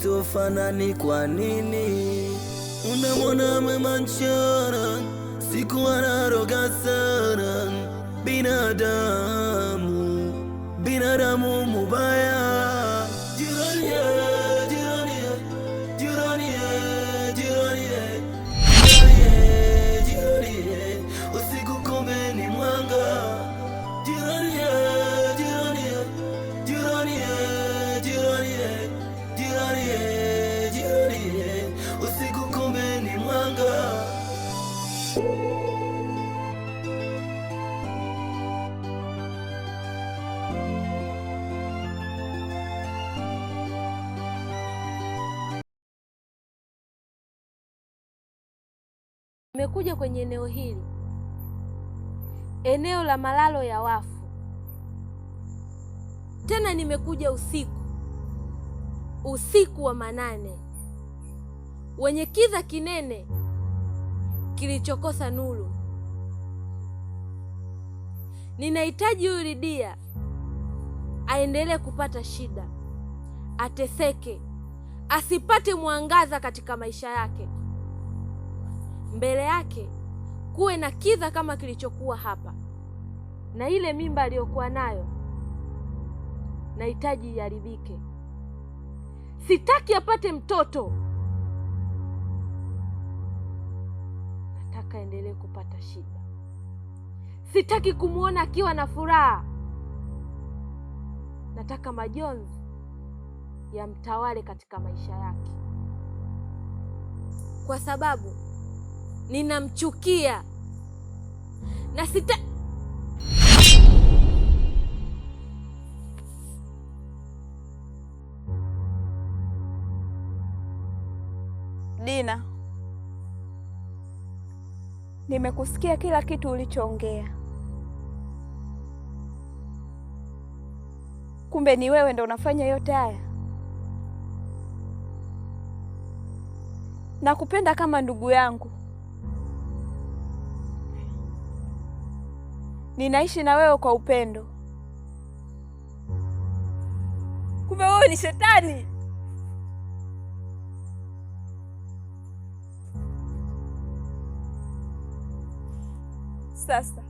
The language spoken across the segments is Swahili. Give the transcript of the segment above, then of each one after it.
hatufanani kwa nini? Unamwona Mema Nchara siku anaroga sana, binadamu binadamu mubaya mmekuja kwenye eneo hili, eneo la malalo ya wafu. Tena nimekuja usiku, usiku wa manane wenye kiza kinene kilichokosa nuru. Ninahitaji huyu Lidia aendelee kupata shida, ateseke, asipate mwangaza katika maisha yake mbele yake kuwe na kidha kama kilichokuwa hapa, na ile mimba aliyokuwa nayo nahitaji iharibike. Sitaki apate mtoto, nataka endelee kupata shida. Sitaki kumwona akiwa na furaha, nataka majonzi yamtawale katika maisha yake, kwa sababu ninamchukia na sita Dina, nimekusikia kila kitu ulichoongea. Kumbe ni wewe ndo unafanya yote haya. Nakupenda kama ndugu yangu. ninaishi na wewe kwa upendo. Kumbe wewe ni shetani. Sasa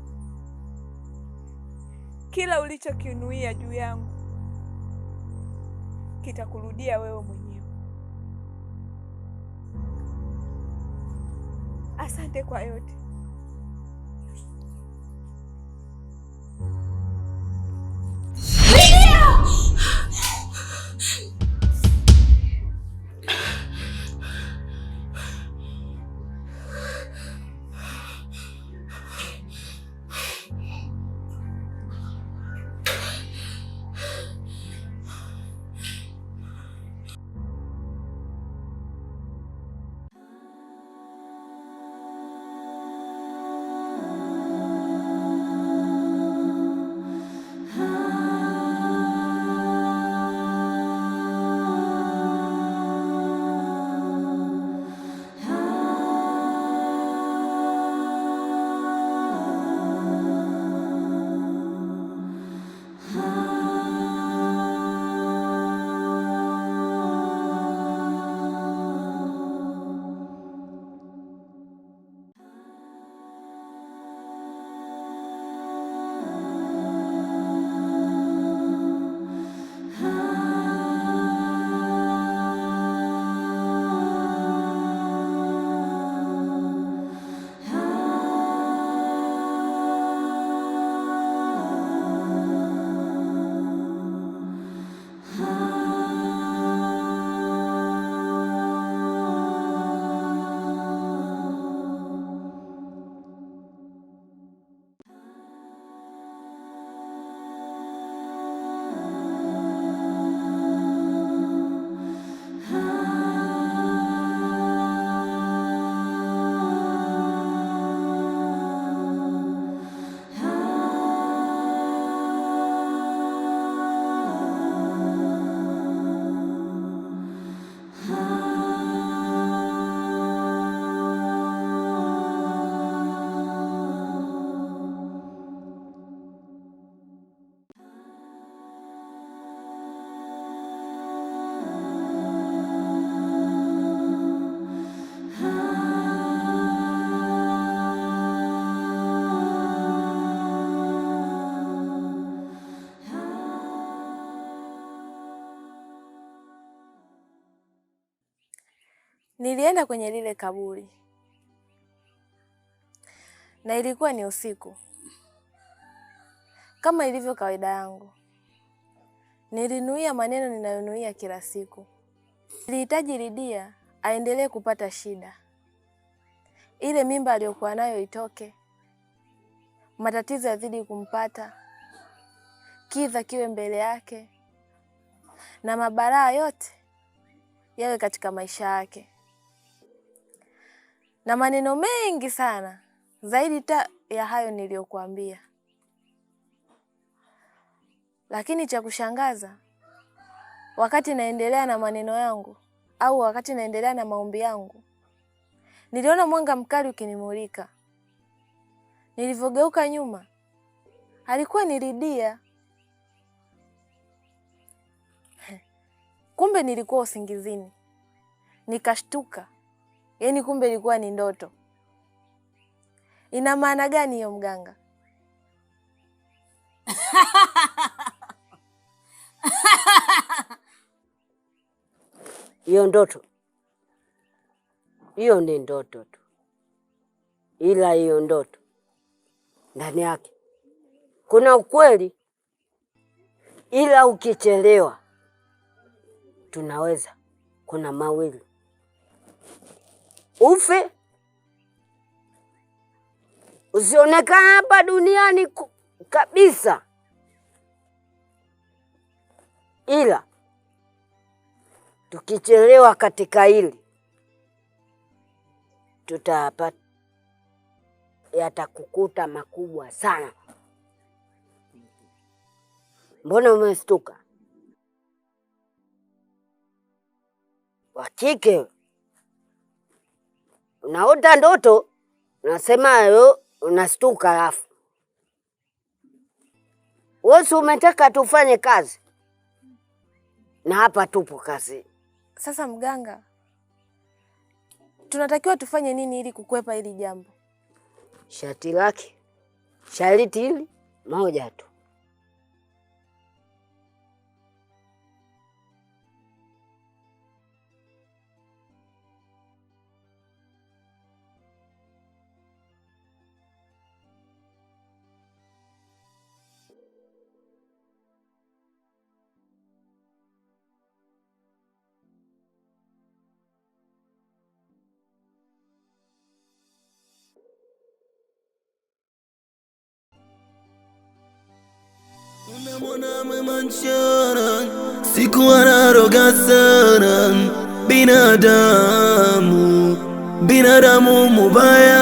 kila ulichokinuia juu yangu kitakurudia wewe mwenyewe. Asante kwa yote. Nilienda kwenye lile kaburi na ilikuwa ni usiku kama ilivyo kawaida yangu. Nilinuia maneno ninayonuia kila siku. Nilihitaji Lidia aendelee kupata shida, ile mimba aliyokuwa nayo itoke, matatizo yazidi kumpata, kidha kiwe mbele yake na mabalaa yote yawe katika maisha yake na maneno mengi sana zaidi ta ya hayo niliyokuambia. Lakini cha kushangaza, wakati naendelea na maneno yangu au wakati naendelea na maombi yangu, niliona mwanga mkali ukinimulika. Nilivyogeuka nyuma, alikuwa nilidia Kumbe nilikuwa usingizini, nikashtuka yaani kumbe ilikuwa ni ndoto. Ina maana gani hiyo mganga? Hiyo ndoto, hiyo ni ndoto tu, ila hiyo ndoto ndani yake kuna ukweli, ila ukichelewa tunaweza, kuna mawili ufe, usionekana hapa duniani kabisa, ila tukichelewa katika hili tutapata yatakukuta makubwa sana. Mbona umestuka wakike? unaota ndoto unasema yo, unastuka alafu wosi umetaka tufanye kazi na hapa tupo kazi. Sasa mganga, tunatakiwa tufanye nini ili kukwepa hili jambo? Shati lake shariti hili moja tu, sana binadamu, binadamu mubaya.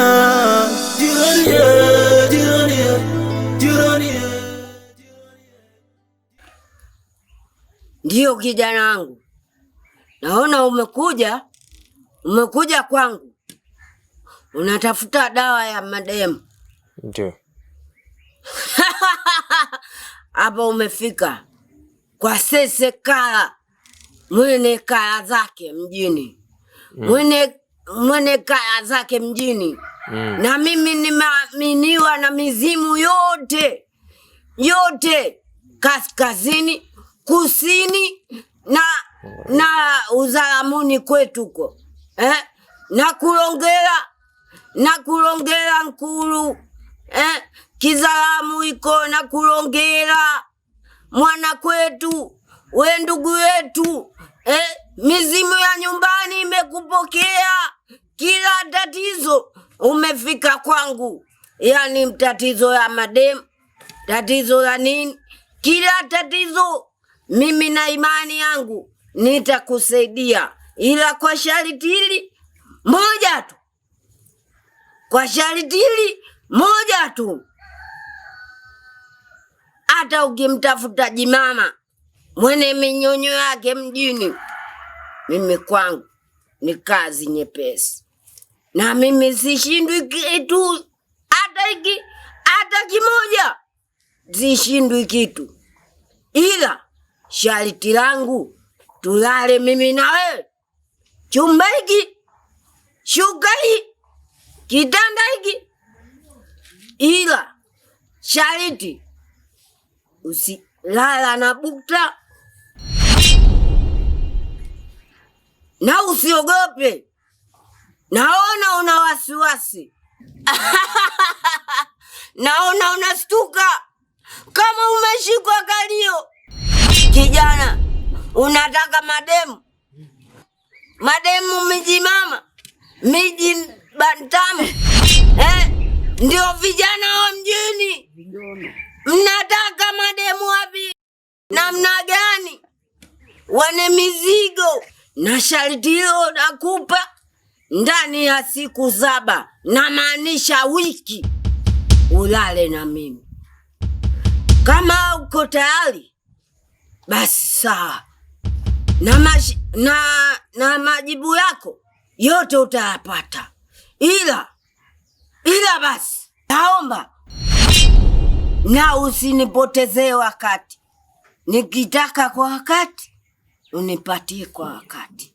Ndiyo kijana wangu, naona umekuja, umekuja kwangu, unatafuta dawa ya mademu. Ndio hapa umefika kwa Sesekala mwene kaya zake mjini mm. mwene mwene kaya zake mjini mm. na mimi nimeaminiwa na mizimu yote yote kaskazini, kusini na na uzalamuni kwetu huko eh? na Kulongela na Kulongela Nkulu eh? Kizalamu iko na Kulongela mwana kwetu we ndugu yetu eh, mizimu ya nyumbani imekupokea, kila tatizo umefika kwangu, yani tatizo ya mademu, tatizo ya nini, kila tatizo mimi na imani yangu nitakusaidia, ila kwa sharti hili moja tu, kwa sharti hili moja tu, hata ukimtafuta jimama Mwene minyonyo yake mjini, mimi kwangu ni kazi nyepesi, na mimi sishindwi kitu hata iki hata kimoja, sishindwi kitu, ila shariti langu tulale mimi na wewe chumba hiki, shuka hii, kitanda hiki, ila usi usilala na bukta na usiogope, naona una wasiwasi naona unastuka kama umeshikwa kalio. Kijana, unataka mademu mademu miji mama miji bantamu eh? Ndio vijana wa mjini mnataka mademu wapi? Namna gani? Wane mizigo na sharti hilo nakupa ndani ya siku saba, namaanisha wiki, ulale na mimi. Kama uko tayari basi sawa, na, maji, na, na majibu yako yote utayapata, ila ila basi naomba na usinipotezee wakati, nikitaka kwa wakati unipatie kwa wakati.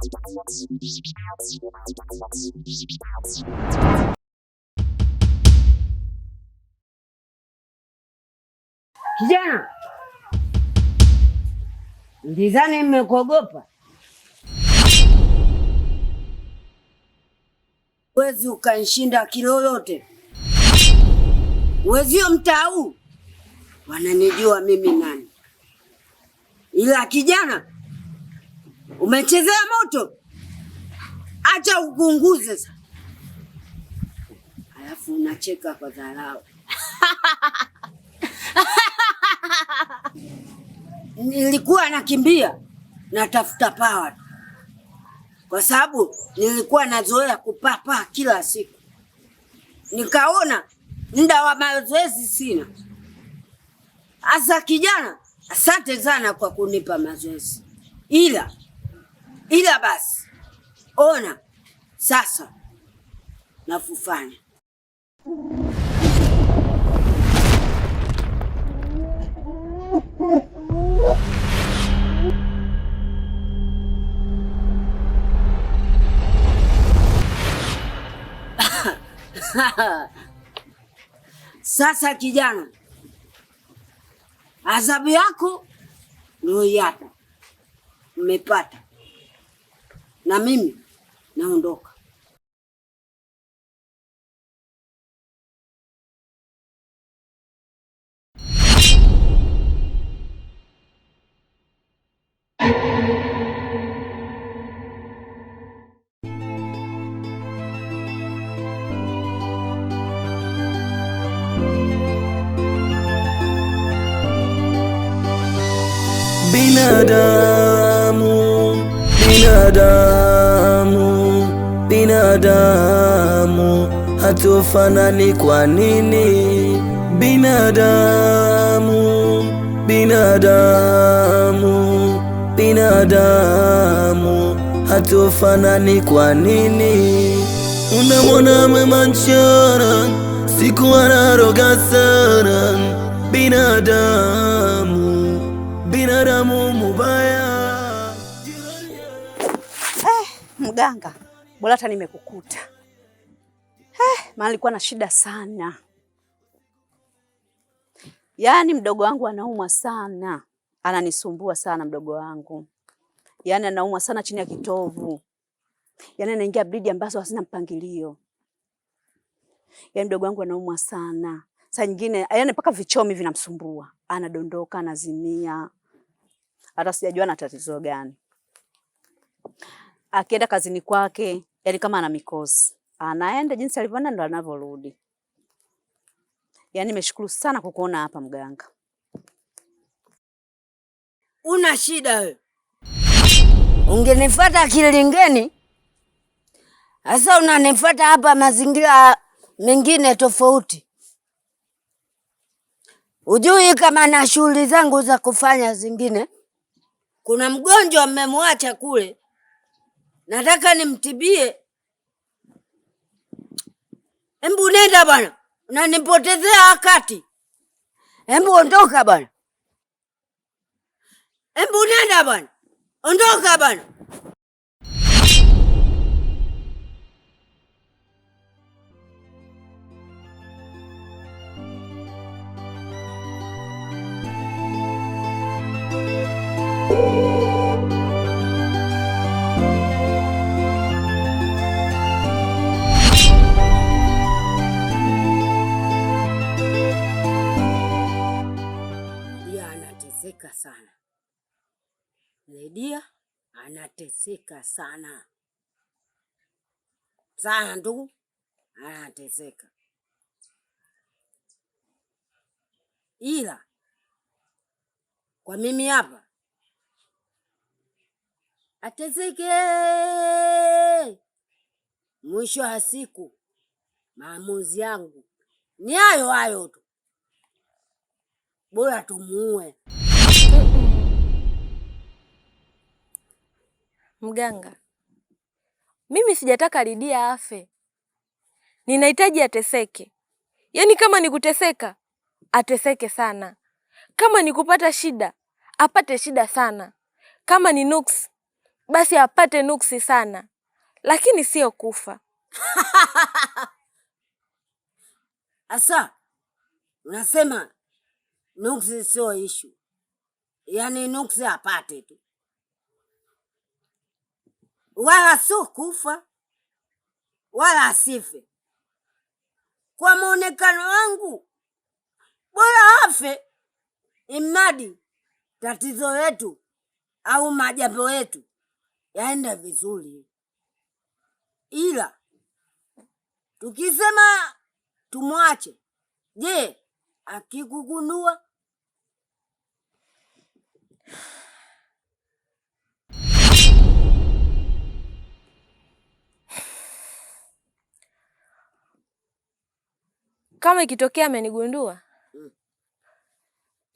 Kijana, ndizani mmekuogopa. Wezi ukanishinda kilolote, wezio mtau huu wananijua mimi nani, ila kijana Umechezea moto, acha upunguze sasa, alafu unacheka kwa dharau nilikuwa nakimbia natafuta pawa, kwa sababu nilikuwa nazoea kupapaa kila siku. Nikaona muda wa mazoezi sina. Asa kijana, asante sana kwa kunipa mazoezi, ila ila basi ona sasa nafufanya Sasa kijana, adhabu yako ndio hapa mmepata na mimi naondoka. Binadamu, binadamu hatufanani kwa nini? Binadamu, binadamu, binadamu hatufanani kwa nini? Unamwona Mema Nchara siku anaroga sana, binadamu, binadamu mubaya. Eh, mganga bora hata nimekukuta maana nilikuwa na shida sana, yaani mdogo wangu anaumwa sana, ananisumbua sana mdogo wangu, yaani anaumwa sana chini ya kitovu, yaani anaingia bridi ambazo hazina mpangilio, yaani mdogo wangu anaumwa sana saa nyingine, yaani mpaka vichomi vinamsumbua, anadondoka, anazimia, hata sijajua na tatizo gani. Akienda kazini kwake, yaani kama ana mikosi anaenda ah, jinsi alivyoenda ndo anavyorudi. Yaani nimeshukuru sana kukuona hapa mganga. Una shida wewe? Ungenifuata Kilingeni, sasa unanifuata hapa mazingira mengine tofauti. Ujui kama na shughuli zangu za kufanya zingine. Kuna mgonjwa mmemwacha kule, nataka nimtibie Embu nenda bwana, unanipotezea wakati. Embu ondoka bwana, embu nenda bwana, ondoka bwana. anateseka sana sana, ndugu anateseka, ah, ila kwa mimi hapa ateseke. Mwisho wa siku maamuzi yangu ni hayo hayo tu, bora tumuue. Mganga, mimi sijataka Lidia afe, ninahitaji ateseke. Yaani kama ni kuteseka ateseke sana, kama ni kupata shida apate shida sana, kama ni nuksi basi apate nuksi sana, lakini sio kufa. Asa unasema nuksi sio ishu, yaani nuksi apate tu wala sio kufa wala asife. Kwa muonekano wangu, bora afe imadi tatizo yetu au majambo yetu yaenda vizuri, ila tukisema tumwache, je, akikugundua Kama ikitokea amenigundua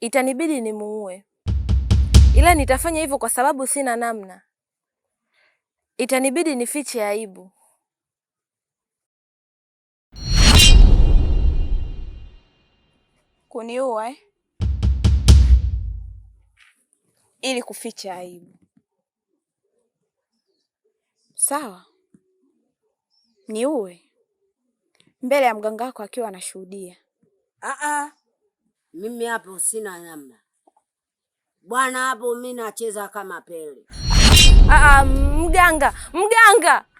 itanibidi mm. itanibidi nimuue, ila nitafanya hivyo kwa sababu sina namna. Itanibidi nifiche aibu. Kuniua eh? Ili kuficha aibu. Sawa, niue mbele ya mganga wako akiwa anashuhudia. ah. mimi hapo sina namna bwana, hapo mi nacheza kama pele. ah, mganga mganga